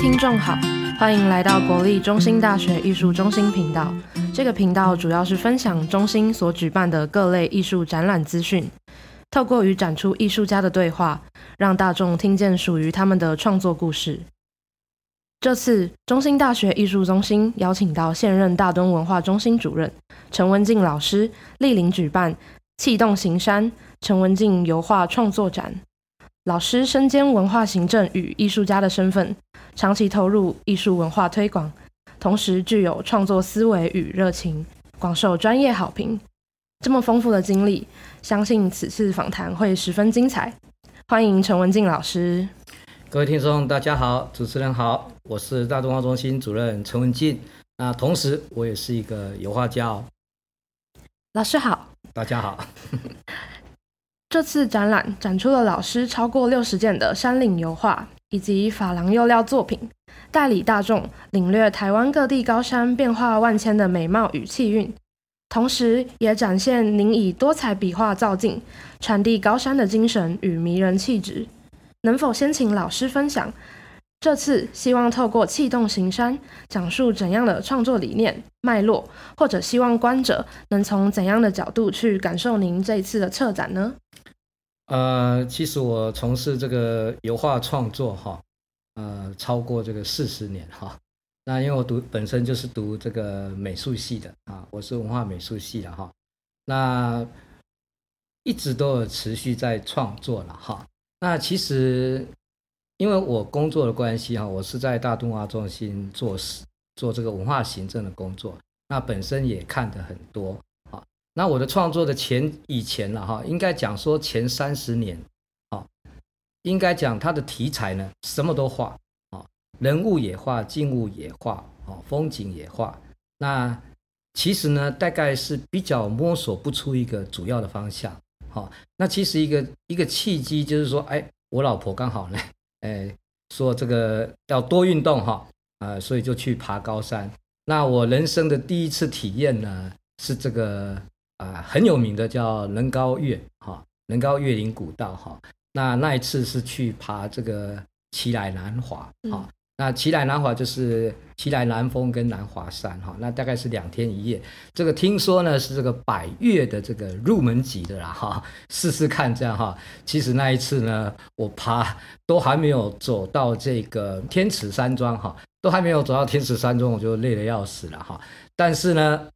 聽眾好，歡迎來到國立中興大學藝術中心頻道。這個頻道主要是分享中心所舉辦的各類藝術展覽資訊，透過與展出藝術家的對話，讓大眾聽見屬於他們的創作故事。這次中興大學藝術中心邀請到現任大墩文化中心主任陳文進老師蒞臨舉辦《氣動形山》陳文進油畫創作展。老師身兼文化行政與藝術家的身份，長期投入藝術文化推廣，同時具有創作思維與熱情，廣受專業好評。這麼豐富的經歷，相信此次訪談會十分精彩。歡迎陳文進老師。各位聽眾，大家好，主持人好，我是大墩文化中心主任陳文進。那、啊、同時，我也是一個油畫家、哦。老師好，大家好。 這次展覽展出了老師超過六十件的山嶺油畫以及珐琅釉料作品，帶領大眾領略臺灣各地高山變化萬千的美貌與氣韻，同時也展現您以多彩筆畫造境，傳遞高山的精神與迷人氣質。能否先請老師分享？這次希望透過氣動形山講述怎樣的創作理念脈絡，或者希望觀者能從怎樣的角度去感受您這一次的策展呢？呃，其實我從事這個油畫創作哈，呃，超過這個四十年哈。那因為我讀本身就是讀這個美術系的啊，我是文化美術系的哈。那一直都有持續在創作了哈。那其實。因為我工作的關係哈，我是在大墩文化中心做事，做這個文化行政的工作。那本身也看得很多啊。那我的創作的前以前了、啊、哈，應該講說前三十年，啊，應該講他的題材呢什麼都畫啊，人物也畫，靜物也畫啊，風景也畫。那其實呢，大概是比較摸索不出一個主要的方向。那其實一個一個契機就是說，哎，我老婆剛好呢。哎，說這個要多運動哈，啊、呃，所以就去爬高山。那我人生的第一次體驗呢，是這個啊、呃，很有名的叫能高越哈、哦，能高越嶺古道哈、哦。那那一次是去爬這個奇萊南華那奇萊南華就是奇萊南峰跟南華山哈，那大概是兩天一夜，這個聽說呢是這個百岳的這個入門級的啦哈，試試看這樣哈。其實那一次呢，我爬都還沒有走到這個天池山莊哈，都還沒有走到天池山莊，我就累得要死了哈。但是呢，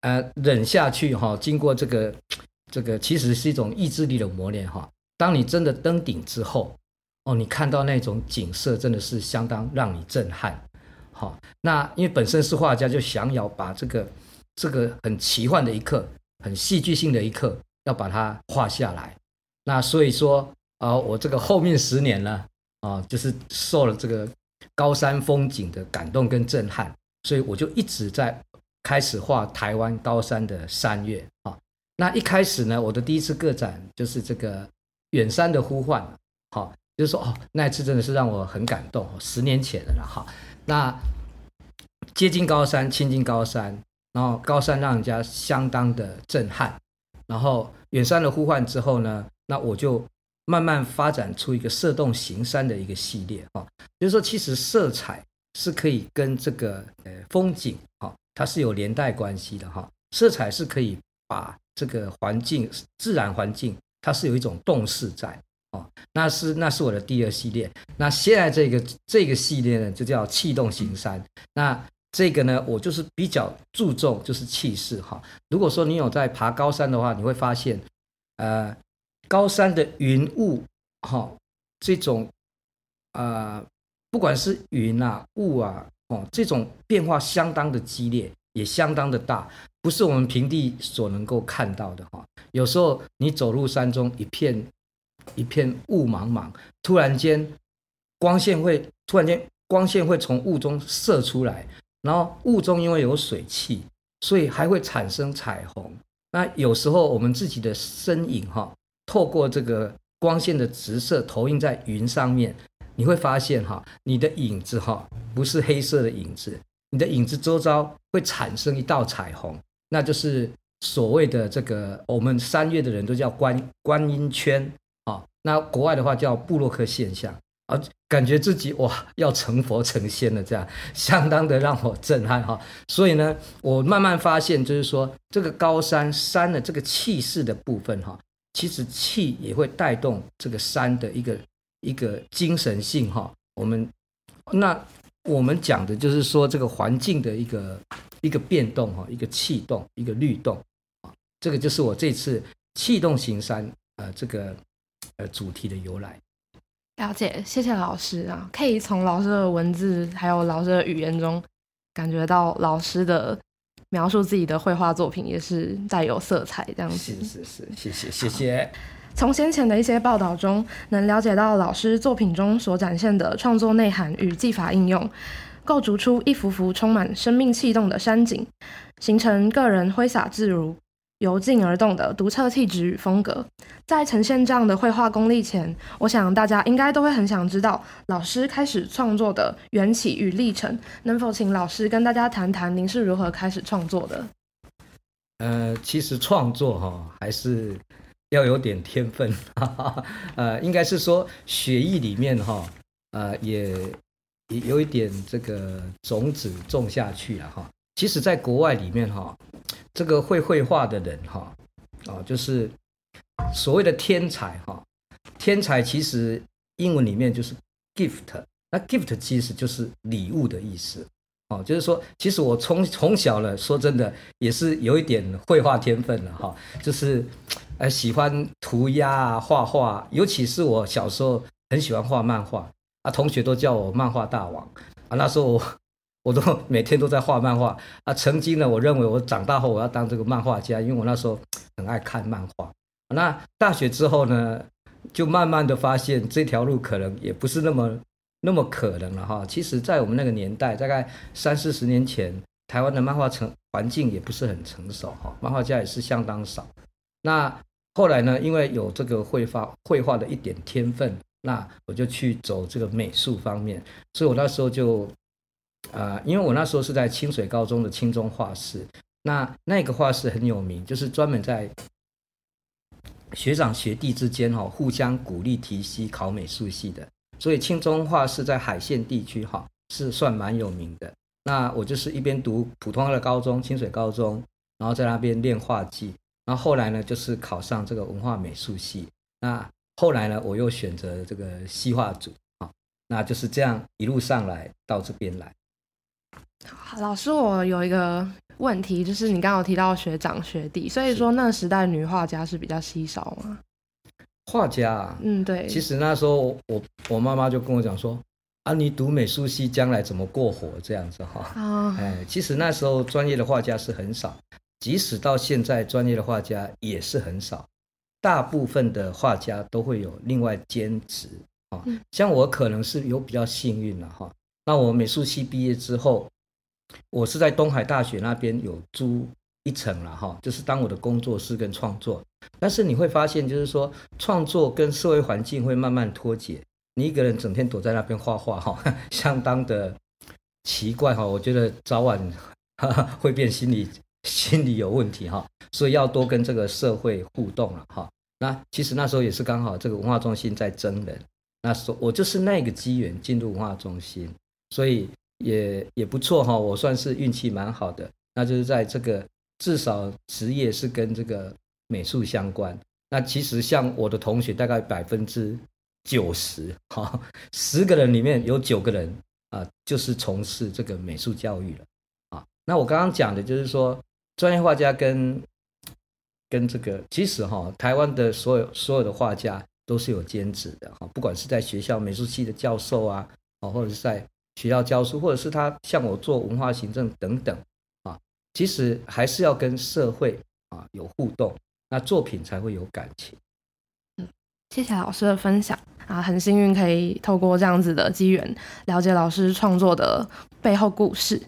呃，忍下去哈，經過這個這個，其實是一種意志力的磨練哈。當你真的登頂之後，哦，你看到那種景色，真的是相當讓你震撼。好、哦，那因為本身是畫家，就想要把這個這個很奇幻的一刻、很戲劇性的一刻，要把它畫下來。那所以說，啊、哦，我這個後面十年呢，啊、哦，就是受了這個高山風景的感動跟震撼，所以我就一直在開始畫台灣高山的山岳。啊、哦，那一開始呢，我的第一次個展就是這個遠山的呼喚。好、哦。就是說哦，那一次真的是讓我很感動，十年前的了哈。那接近高山，親近高山，然後高山讓人家相當的震撼。然後遠山的呼喚之後呢，那我就慢慢發展出一個色動形山的一個系列哈、哦。就是說，其實色彩是可以跟這個呃風景哈、哦，它是有連帶關係的哈、哦。色彩是可以把這個環境自然環境，它是有一種動勢在。哦，那是那是我的第二系列。那現在這個這個系列呢，就叫氣動形山。那這個呢，我就是比較注重就是氣勢哈、哦。如果說你有在爬高山的話，你會發現，呃，高山的雲霧哈、哦，這種啊、呃，不管是雲啊霧啊哦，這種變化相當的激烈，也相當的大，不是我們平地所能夠看到的哈、哦。有時候你走入山中，一片。一片霧茫茫，突然間光線會突然間光線會從霧中射出來，然後霧中因為有水汽，所以還會產生彩虹。那有時候我們自己的身影哈，透過這個光線的直射投影在雲上面，你會發現哈，你的影子哈不是黑色的影子，你的影子周遭會產生一道彩虹，那就是所謂的這個我們三月的人都叫觀觀音圈。那國外的話叫布洛克現象啊，感覺自己哇要成佛成仙了，這樣相當的讓我震撼哈。所以呢，我慢慢發現，就是說這個高山山的這個氣勢的部分哈，其實氣也會帶動這個山的一個一個精神性哈。我們那我們講的就是說這個環境的一個一個變動哈，一個氣動，一個律動啊，這個就是我這次氣動形山啊、呃，這個。而主題的由來，了解，謝謝老師啊！可以從老師的文字還有老師的語言中，感覺到老師的描述自己的繪畫作品也是帶有色彩這樣子。是是，是，是，謝謝謝謝。從先前的一些報道中，能了解到老師作品中所展現的創作內涵與技法應用，構築出一幅幅充滿生命氣動的山景，形成個人揮灑自如，由靜而動的獨特氣質與風格，在呈現這樣的繪畫功力前，我想大家應該都會很想知道老師開始創作的緣起與歷程。能否請老師跟大家談談您是如何開始創作的？呃，其實創作哈、哦、還是要有點天分，哈哈呃，應該是說血液裡面哈、哦，呃，也也有一點這個種子種下去了、啊、哈。其實，在國外裡面哈、哦。這個會繪畫的人哈，啊，就是所謂的天才哈。天才其實英文裡面就是 gift，那 gift 其實就是禮物的意思。哦，就是說，其實我從從小呢，說真的也是有一點繪畫天分了哈。就是，呃，喜歡塗鴉啊，畫畫，尤其是我小時候很喜歡畫漫畫啊，同學都叫我漫畫大王啊。那時候我。我都每天都在畫漫畫啊！曾經呢，我認為我長大後我要當這個漫畫家，因為我那時候很愛看漫畫。那大學之後呢，就慢慢的發現這條路可能也不是那麼那麼可能了哈。其實，在我們那個年代，大概三四十年前，台灣的漫畫成環境也不是很成熟哈，漫畫家也是相當少。那後來呢，因為有這個繪畫繪畫的一點天分，那我就去走這個美術方面，所以我那時候就。啊、呃，因為我那時候是在清水高中的清中畫室，那那個畫室很有名，就是專門在學長學弟之間哈、哦、互相鼓勵、提攜考美術系的。所以清中畫室在海線地區哈、哦、是算蠻有名的。那我就是一邊讀普通的高中清水高中，然後在那邊練畫技，然後後來呢就是考上這個文化美術系。那後來呢，我又選擇這個西畫組啊，那就是這樣一路上來到這邊來。老師，我有一個問題，就是你剛剛有提到學長學弟，所以說那時代女畫家是比較稀少嗎？畫家，嗯，對。其實那時候我我媽媽就跟我講說，啊，你讀美術系將來怎麼過活這樣子哈。啊、哦嗯，其實那時候專業的畫家是很少，即使到現在專業的畫家也是很少，大部分的畫家都會有另外兼職啊、嗯。像我可能是有比較幸運了哈。那我美術系畢業之後。我是在東海大學那邊有租一層了哈，就是當我的工作室跟創作。但是你會發現，就是說創作跟社會環境會慢慢脫節。你一個人整天躲在那邊畫畫哈，相當的奇怪哈。我覺得早晚會變心理心理有問題哈，所以要多跟這個社會互動了哈。那其實那時候也是剛好這個文化中心在徵人，那時候我就是那個機緣進入文化中心，所以。也也不錯哈，我算是運氣蠻好的，那就是在這個至少職業是跟這個美術相關。那其實像我的同學，大概百分之九十哈，十個人裡面有九個人啊，就是從事這個美術教育了啊。那我剛剛講的就是說，專業畫家跟跟這個其實哈，台灣的所有所有的畫家都是有兼職的哈，不管是在學校美術系的教授啊，哦或者是在。學校教書，或者是他像我做文化行政等等，啊，其實還是要跟社會啊有互動，那作品才會有感情。嗯，謝謝老師的分享啊，很幸運可以透過這樣子的機緣了解老師創作的背後故事。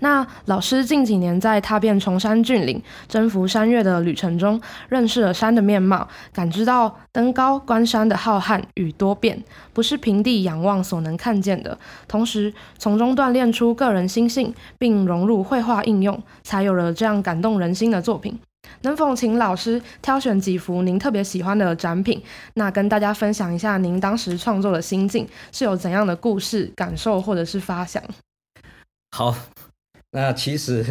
那老師近幾年在踏遍崇山峻嶺、征服山岳的旅程中，認識了山的面貌，感知到登高觀山的浩瀚與多變，不是平地仰望所能看見的。同時，從中鍛鍊出個人心性，並融入繪畫應用，才有了這樣感動人心的作品。能否請老師挑選幾幅您特別喜歡的展品，那跟大家分享一下您當時創作的心境，是有怎樣的故事、感受，或者是發想？好。那其實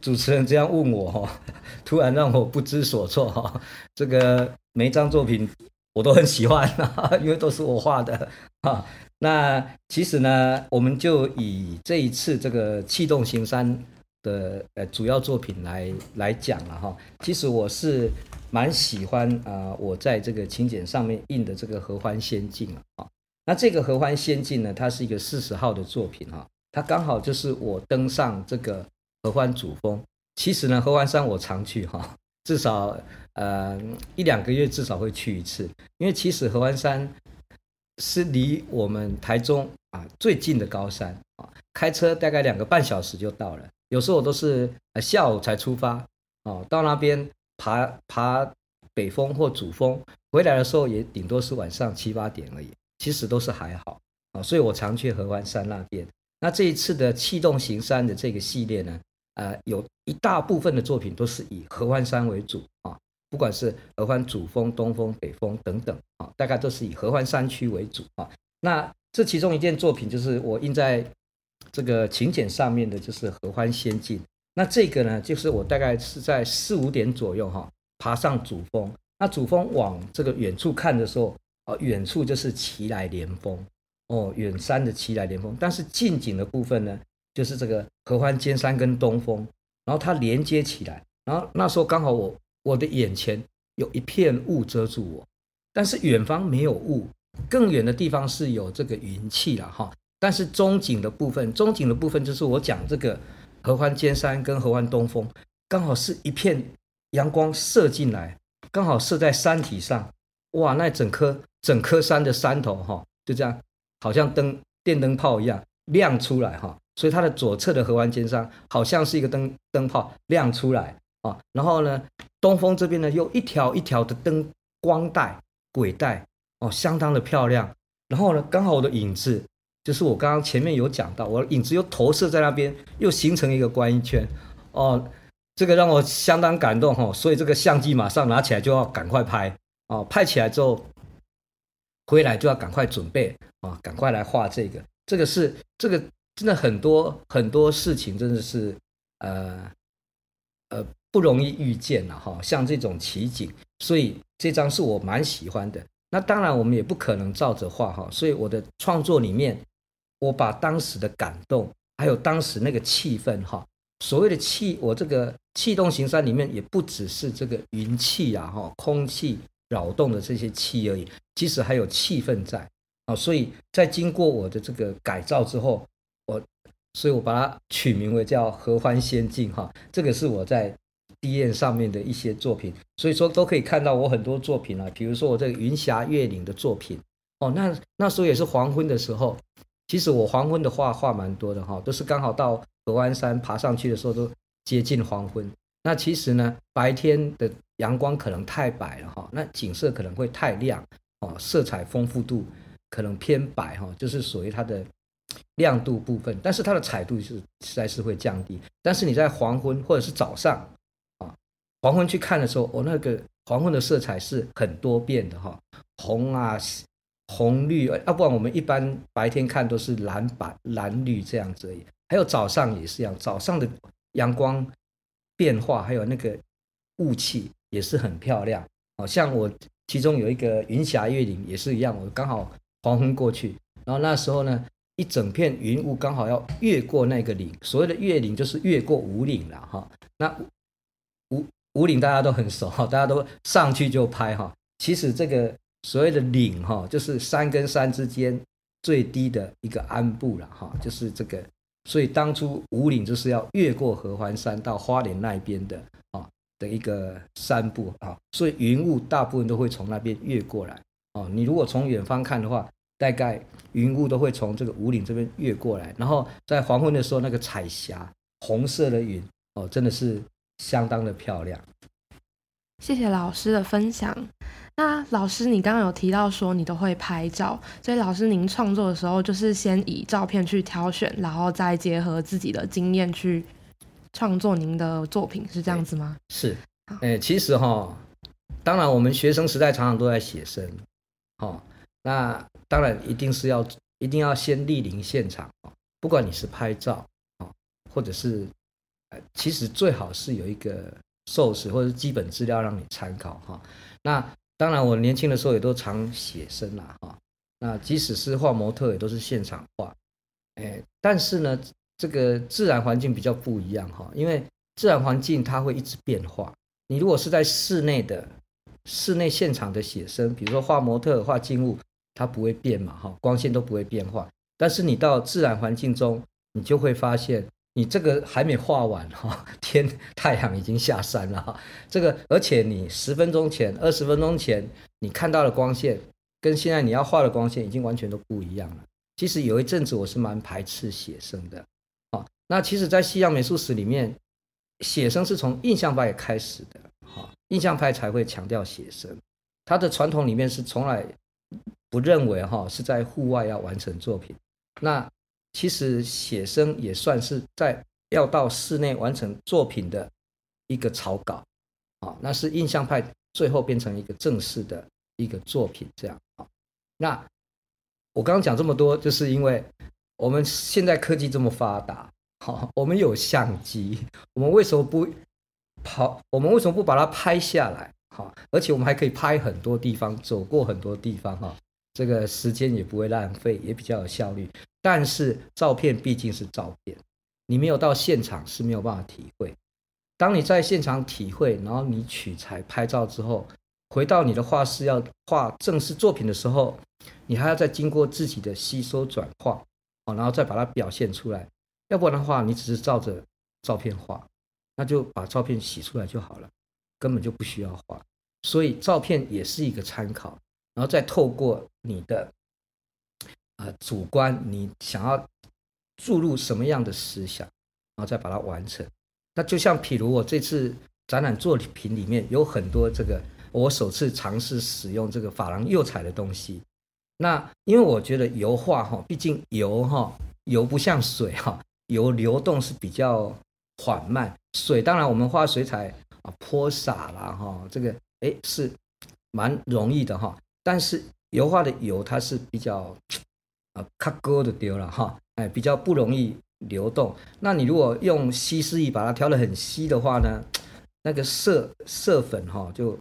主持人這樣問我哈，突然讓我不知所措哈。這個每一張作品我都很喜歡，因為都是我畫的。那其實呢，我們就以這一次這個氣動形山的呃主要作品來來講了哈。其實我是蠻喜歡啊，我在這個請柬上面印的這個合歡仙境啊。那這個合歡仙境呢，它是一個四十號的作品哈。他剛好就是我登上這個合歡主峰。其實呢，合歡山我常去哈，至少呃一兩個月至少會去一次。因為其實合歡山是離我們台中啊最近的高山啊，開車大概兩個半小時就到了。有時候我都是，啊，下午才出發哦，啊，到那邊爬爬北峰或主峰，回來的時候也頂多是晚上七八點而已。其實都是還好啊，所以我常去合歡山那邊。那這一次的氣動形山的這個系列呢，呃，有一大部分的作品都是以合歡山為主啊，不管是合歡主峰、東峰、北峰等等啊，大概都是以合歡山區為主啊。那這其中一件作品就是我印在這個請柬上面的，就是合歡仙境。那這個呢，就是我大概是在四五點左右哈、啊，爬上主峰，那主峰往這個遠處看的時候啊，遠處就是奇萊連峰。哦，遠山的奇萊連峰，但是近景的部分呢，就是這個合歡尖山跟東峰，然後它連接起來，然後那時候剛好我我的眼前有一片霧遮住我，但是遠方沒有霧，更遠的地方是有這個雲氣了哈。但是中景的部分，中景的部分就是我講這個合歡尖山跟合歡東峰，剛好是一片陽光射進來，剛好射在山體上，哇，那整顆整顆山的山頭哈，就這樣。好像燈電燈泡一樣亮出來哈，所以它的左側的合歡尖山好像是一個燈燈泡亮出來啊，然後呢，東風這邊呢又一條一條的燈光帶、軌帶哦，相當的漂亮。然後呢，剛好我的影子就是我剛剛前面有講到，我的影子又投射在那邊，又形成一個觀音圈哦、呃，這個讓我相當感動哦，所以這個相機馬上拿起來就要趕快拍哦，拍起來之後。回來就要趕快準備啊，趕快來畫這個。這個是這個真的很多很多事情真的是呃呃不容易遇見了哈、哦，像這種奇景，所以這張是我蠻喜歡的。那當然我們也不可能照着畫哈，所以我的創作裡面，我把當時的感動還有當時那個氣氛哈、哦，所謂的氣，我這個氣動形山裡面也不只是這個雲氣呀哈，空氣。擾動的這些氣而已，其實還有氣氛在啊、哦，所以在經過我的這個改造之後，我所以，我把它取名為叫合歡仙境哈。這個是我在地燕上面的一些作品，所以說都可以看到我很多作品啊。比如說我這個雲霞月嶺的作品哦，那那時候也是黃昏的時候。其實我黃昏的畫畫蠻多的哈、哦，都是剛好到合歡山爬上去的時候都接近黃昏。那其實呢，白天的。陽光可能太白了哈，那景色可能會太亮哦，色彩豐富度可能偏白哈，就是屬於它的亮度部分。但是它的彩度是實在是會降低。但是你在黃昏或者是早上啊，黃昏去看的時候，哦，那個黃昏的色彩是很多變的哈，紅啊、紅綠，啊，不管我們一般白天看都是藍白、藍綠這樣子而已。還有早上也是一樣，早上的陽光變化，還有那個霧氣。也是很漂亮，好像我其中有一個雲霞越嶺也是一樣，我剛好黃昏過去，然後那時候呢，一整片雲霧剛好要越過那個嶺，所謂的越嶺就是越過武嶺了哈。那武武嶺大家都很熟哈，大家都上去就拍哈。其實這個所謂的嶺哈，就是山跟山之間最低的一個鞍部了哈，就是這個。所以當初武嶺就是要越過合歡山到花蓮那一邊的啊。的一個山步啊，所以雲霧大部分都會從那邊越過來哦，你如果從遠方看的話，大概雲霧都會從這個武嶺這邊越過來。然後在黃昏的時候，那個彩霞、紅色的雲哦，真的是相當的漂亮。謝謝老師的分享。那老師，你剛剛有提到說你都會拍照，所以老師您創作的時候，就是先以照片去挑選，然後再結合自己的經驗去。創作您的作品是這樣子嗎？是、欸，其實哈，當然我們學生時代常常都在寫生，哈，那當然一定是要一定要先蒞臨現場，不管你是拍照或者是，其實最好是有一個授石或者基本資料讓你參考哈。那當然我年輕的時候也都常寫生啦，哈，那即使是畫模特也都是現場畫、欸，但是呢，這個自然環境比較不一樣哈，因為自然環境它會一直變化。你如果是在室內的、室內現場的寫生，比如說畫模特、畫靜物，它不會變嘛哈，光線都不會變化。但是你到自然環境中，你就會發現，你這個還沒畫完哈，天太陽已經下山了哈。這個而且你十分鐘前、二十分鐘前你看到的光線，跟現在你要畫的光線已經完全都不一樣了。其實有一陣子我是蠻排斥寫生的。那其實，在西洋美術史裡面，寫生是從印象派開始的，啊，印象派才會強調寫生，他的傳統裡面是從來不認為哈是在戶外要完成作品。那其實寫生也算是在要到室內完成作品的一個草稿，啊，那是印象派最後變成一個正式的一個作品這樣。那我剛剛講這麼多，就是因為我們現在科技這麼發達。好，我們有相機，我們為什麼不跑？我們為什麼不把它拍下來？好，而且我們還可以拍很多地方，走過很多地方哈。這個時間也不會浪費，也比較有效率。但是照片畢竟是照片，你沒有到現場是沒有辦法體會。當你在現場體會，然後你取材拍照之後，回到你的畫室要畫正式作品的時候，你還要再經過自己的吸收轉化，哦，然後再把它表現出來。要不然的話，你只是照着照片畫，那就把照片洗出來就好了，根本就不需要畫。所以照片也是一個參考，然後再透過你的，呃，主觀，你想要注入什麼樣的思想，然後再把它完成。那就像，譬如我這次展覽作品裡面有很多這個，我首次嘗試使用這個珐琅釉彩的東西。那因為我覺得油畫哈，畢竟油哈，油不像水哈。油流動是比較緩慢，水當然我們畫水彩啊潑灑啦，哈、哦，這個誒是蠻容易的哈、哦，但是油畫的油它是比較啊卡勾的丟了哈、哦，哎比較不容易流動。那你如果用稀釋液把它調得很稀的話呢，那個色色粉哈、哦、就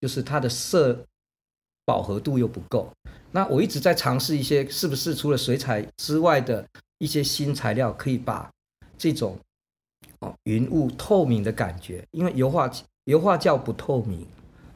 就是它的色飽和度又不夠。那我一直在嘗試一些是不是除了水彩之外的。一些新材料可以把這種哦雲霧透明的感覺，因為油畫油畫叫不透明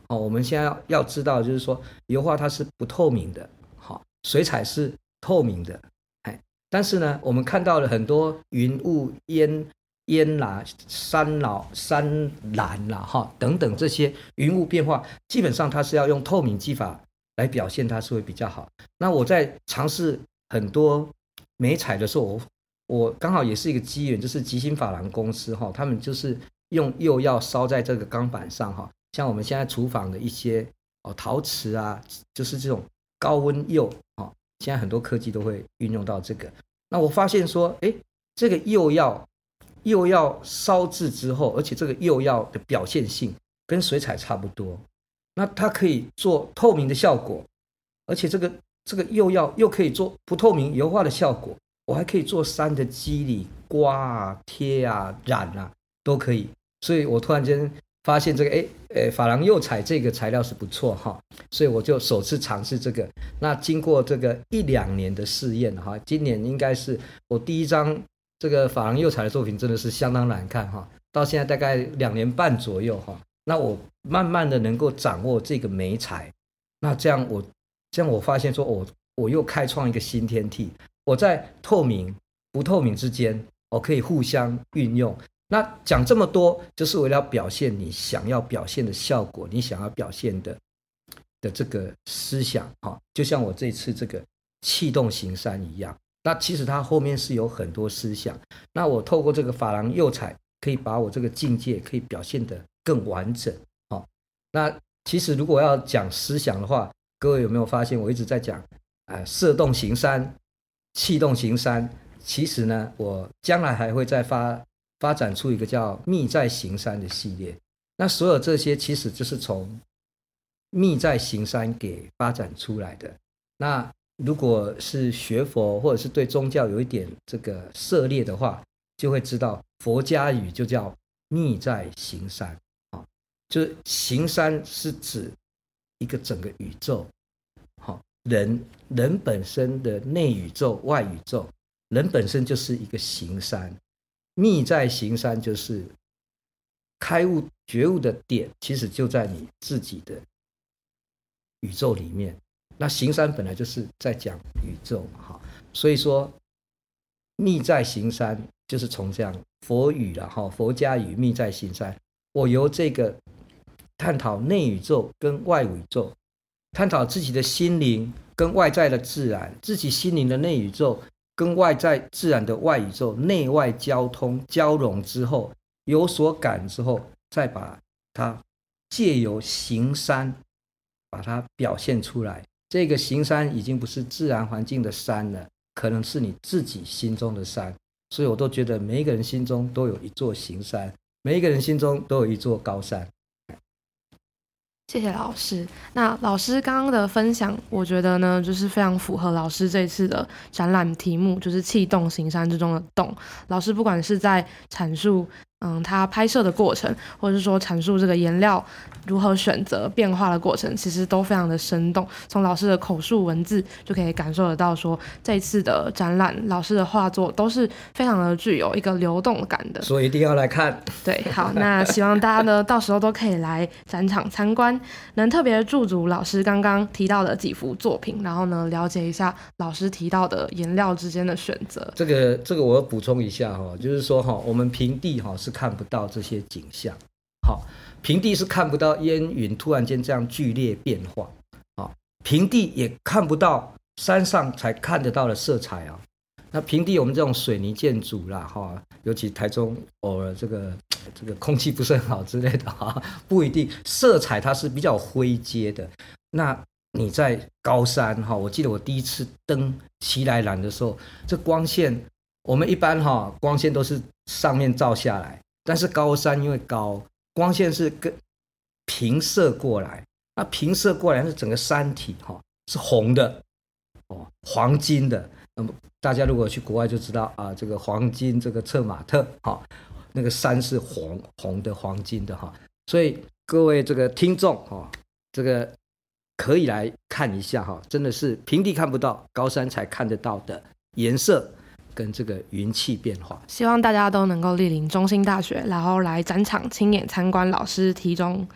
哦。我們現在要要知道，就是說油畫它是不透明的，好、哦，水彩是透明的，哎，但是呢，我們看到了很多雲霧、煙煙啦、山老山藍啦、哈、哦、等等這些雲霧變化，基本上它是要用透明技法來表現，它是會比較好。那我在嘗試很多。沒彩的時候，我我剛好也是一個機緣，就是吉星珐琅公司哈，他們就是用釉藥燒在這個鋼板上哈，像我們現在廚房的一些哦陶瓷啊，就是這種高溫釉哈，現在很多科技都會運用到這個。那我發現說，誒、欸，這個釉藥釉藥燒制之後，而且這個釉藥的表現性跟水彩差不多，那它可以做透明的效果，而且這個。這個釉藥又可以做不透明油畫的效果，我還可以做山的肌理、刮啊、貼啊、染啊，都可以。所以我突然間發現這個，哎，呃，珐琅釉彩這個材料是不錯哈，所以我就首次嘗試這個。那經過這個一兩年的試驗哈，今年應該是我第一張這個珐琅釉彩的作品，真的是相當難看哈。到現在大概兩年半左右哈，那我慢慢的能夠掌握這個媒材，那這樣我。這樣我發現說，我、哦、我又開創一個新天地。我在透明、不透明之間，我、哦、可以互相運用。那講這麼多，就是為了表現你想要表現的效果，你想要表現的的這個思想啊、哦。就像我這次這個氣動形山一樣，那其實它後面是有很多思想。那我透過這個珐琅釉彩，可以把我這個境界可以表現得更完整。哦。那其實如果要講思想的話。各位有沒有發現，我一直在講，啊、呃，色動形山，氣動形山。其實呢，我將來還會再發發展出一個叫“密在形山”的系列。那所有這些，其實就是從“密在形山”給發展出來的。那如果是學佛或者是對宗教有一點這個涉獵的話，就會知道佛家語就叫“密在形山”啊、哦，就是形山是指。一個整個宇宙，好，人人本身的內宇宙、外宇宙，人本身就是一個形山，秘在形山就是開悟覺悟的點，其實就在你自己的宇宙裡面。那形山本來就是在講宇宙哈，所以說秘在形山就是從這樣佛語了，哈，佛家語，秘在形山，我由這個。探討內宇宙跟外宇宙，探討自己的心靈跟外在的自然，自己心靈的內宇宙跟外在自然的外宇宙，內外交通交融之後有所感之後，再把它借由形山把它表現出來。這個形山已經不是自然環境的山了，可能是你自己心中的山。所以，我都覺得每一個人心中都有一座形山，每一個人心中都有一座高山。謝謝老師。那老師剛剛的分享，我覺得呢，就是非常符合老師這次的展覽題目，就是“氣動形山之中的動”。老師不管是在闡述。嗯，他拍攝的過程，或者是說闡述這個顏料如何選擇變化的過程，其實都非常的生動。從老師的口述文字就可以感受得到說，說這次的展覽老師的畫作都是非常的具有一個流動感的。所以一定要來看。對，好，那希望大家呢 到時候都可以來展場參觀，能特別駐足老師剛剛提到的幾幅作品，然後呢，了解一下老師提到的顏料之間的選擇。這個這個我要補充一下哈，就是說哈，我們平地哈是。看不到這些景象，好，平地是看不到煙雲突然間這樣劇烈變化，好，平地也看不到山上才看得到的色彩啊。那平地我們這種水泥建築啦，哈，尤其台中偶爾這個這個空氣不是很好之類的哈，不一定色彩它是比較灰階的。那你在高山哈，我記得我第一次登奇萊蘭的時候，這光線我們一般哈、啊、光線都是。上面照下來，但是高山因為高，光線是跟平射過來，那平射過來是整個山體哈、哦、是紅的，哦，黃金的。那麼大家如果去國外就知道啊，這個黃金這個策馬特哈、哦，那個山是紅紅的，黃金的哈、哦。所以各位這個聽眾哈、哦，這個可以來看一下哈、哦，真的是平地看不到，高山才看得到的顏色。跟這個雲氣變化，希望大家都能夠蒞臨中興大學，然後來展場親眼參觀老師提中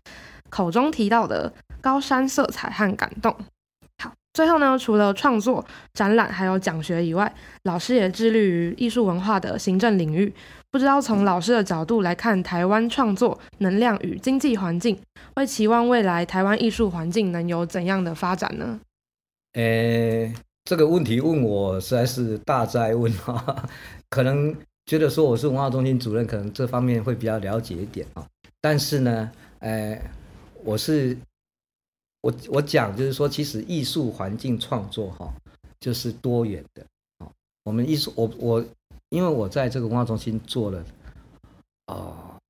口中提到的高山色彩和感動。好，最後呢，除了創作展覽還有講學以外，老師也致力於藝術文化的行政領域。不知道從老師的角度來看，嗯、台灣創作能量與經濟環境，會期望未來台灣藝術環境能有怎樣的發展呢？誒、欸。這個問題問我實在是大哉問哈，可能覺得說我是文化中心主任，可能這方面會比較了解一點啊。但是呢，呃，我是我我講就是說，其實藝術環境創作哈，就是多元的。我們藝術，我我因為我在這個文化中心做了哦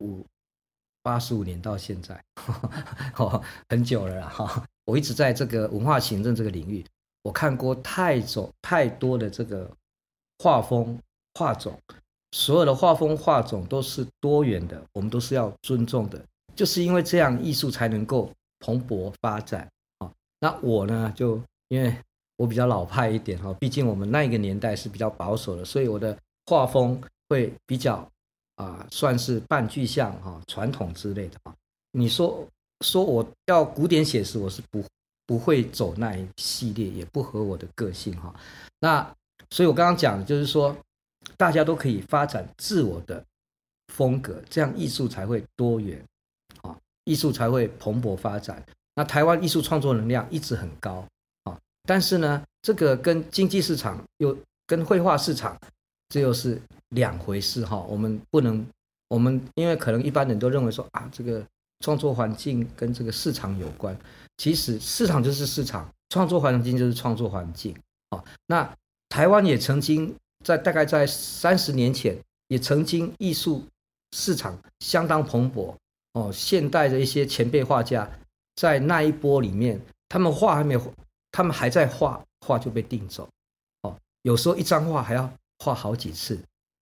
五八十五年，到現在，哦，很久了啦哈。我一直在這個文化行政這個領域。我看過太多太多的這個畫風畫種，所有的畫風畫種都是多元的，我們都是要尊重的，就是因為這樣藝術才能夠蓬勃發展啊。那我呢，就因為我比較老派一點哈、啊，畢竟我們那一個年代是比較保守的，所以我的畫風會比較啊，算是半具象哈、啊，傳統之類的哈、啊。你說說我要古典寫實，我是不會。不會走那一系列，也不合我的個性哈。那所以我剛剛講的就是說，大家都可以發展自我的風格，這樣藝術才會多元，啊，藝術才會蓬勃發展。那台灣藝術創作能量一直很高啊，但是呢，這個跟經濟市場又跟繪畫市場，這又是兩回事哈。我們不能，我們因為可能一般人都認為說啊，這個。創作環境跟這個市場有關，其實市場就是市場，創作環境就是創作環境啊、哦。那台灣也曾經在大概在三十年前，也曾經藝術市場相當蓬勃哦。現代的一些前輩畫家在那一波裡面，他們畫還沒有，他們還在畫畫就被訂走哦。有時候一張畫還要畫好幾次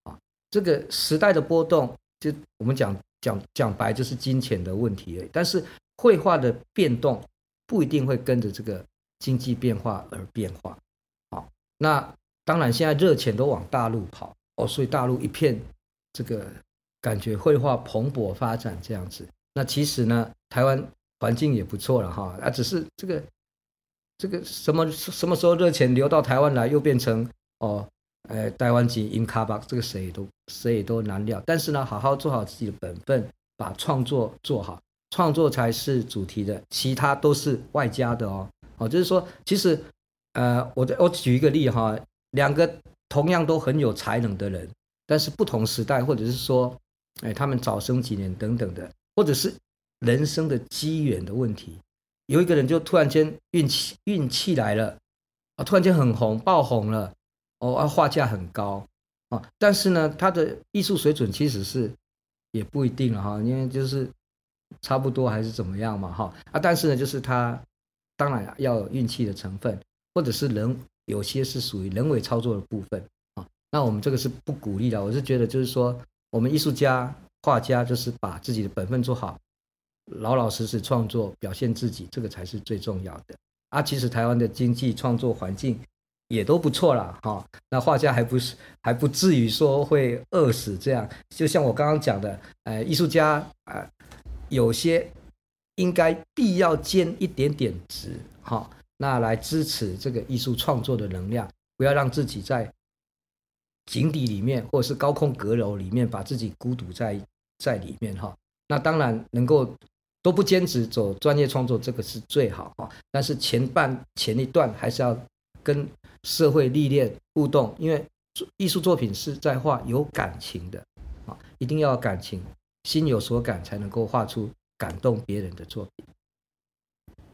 啊、哦。這個時代的波動。就我們講講講白，就是金錢的問題而已。但是繪畫的變動不一定會跟着這個經濟變化而變化。好，那當然現在熱錢都往大陸跑哦，所以大陸一片這個感覺繪畫蓬勃發展這樣子。那其實呢，台灣環境也不錯啦哈。啊，只是這個這個什麼什麼時候熱錢流到台灣來，又變成哦。呃，台灣籍 Inka 吧，這個誰也都誰也都難料。但是呢，好好做好自己的本分，把創作做好，創作才是主題的，其他都是外加的哦。好、哦，就是說，其實，呃，我我舉一個例哈，兩個同樣都很有才能的人，但是不同時代，或者是說，哎，他們早生幾年等等的，或者是人生的機緣的問題，有一個人就突然間運氣運氣來了啊，突然間很紅爆紅了。哦啊，畫價很高啊、哦，但是呢，他的藝術水準其實是也不一定了哈，因為就是差不多還是怎麼樣嘛哈、哦、啊，但是呢，就是他當然要有運氣的成分，或者是人有些是屬於人為操作的部分啊、哦，那我們這個是不鼓勵的。我是覺得就是說，我們藝術家畫家就是把自己的本分做好，老老實實創作表現自己，這個才是最重要的啊。其實台灣的經濟創作環境。也都不錯了哈，那畫家還不是還不至於說會餓死這樣，就像我剛剛講的，呃，藝術家啊、呃、有些應該必要兼一點點職哈，那來支持這個藝術創作的能量，不要讓自己在井底裡面或者是高空閣樓裡面把自己孤獨在在裡面哈。那當然能夠都不兼職走專業創作這個是最好哈，但是前半前一段還是要。跟社會歷練互動，因為藝術作品是在畫有感情的，啊，一定要有感情，心有所感，才能夠畫出感動別人的作品。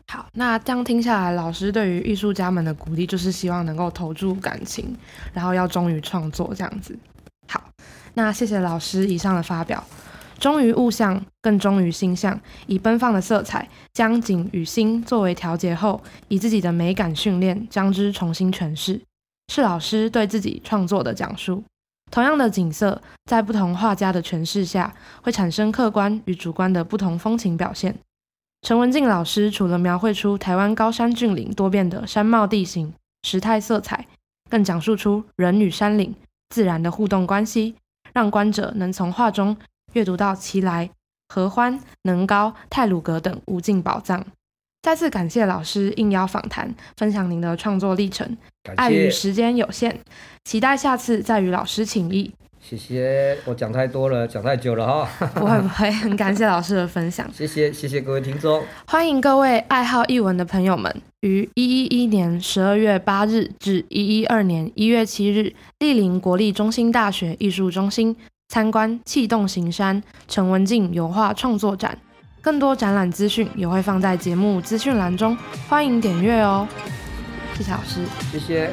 好，那這樣聽下來，老師對於藝術家們的鼓勵，就是希望能夠投注感情，然後要忠於創作這樣子。好，那謝謝老師以上的發表。忠於物象，更忠於心象，以奔放的色彩將景與心作為調節後，以自己的美感訓練將之重新詮釋。是老師對自己創作的講述。同樣的景色，在不同畫家的詮釋下，會產生客觀與主觀的不同風情表現。陳文進老師除了描繪出台灣高山峻嶺多變的山貌地形、時態色彩，更講述出人與山嶺、自然的互動關係，讓觀者能從畫中。閱讀到奇萊合歡、能高、太魯閣等無盡寶藏。再次感謝老師應邀訪談，分享您的創作歷程。感謝。礙於時間有限，期待下次再與老師請益。謝謝，我講太多了，講太久了哈、哦。 不會不會，很感謝老師的分享。謝謝，謝謝各位聽眾。歡迎各位愛好藝文的朋友們，於一一一年十二月八日至一一二年一月七日，蒞臨國立中興大學藝術中心，參觀氣動形山陳文進油畫創作展，更多展覽資訊也會放在節目資訊欄中，歡迎點閱哦。謝謝老師，謝謝。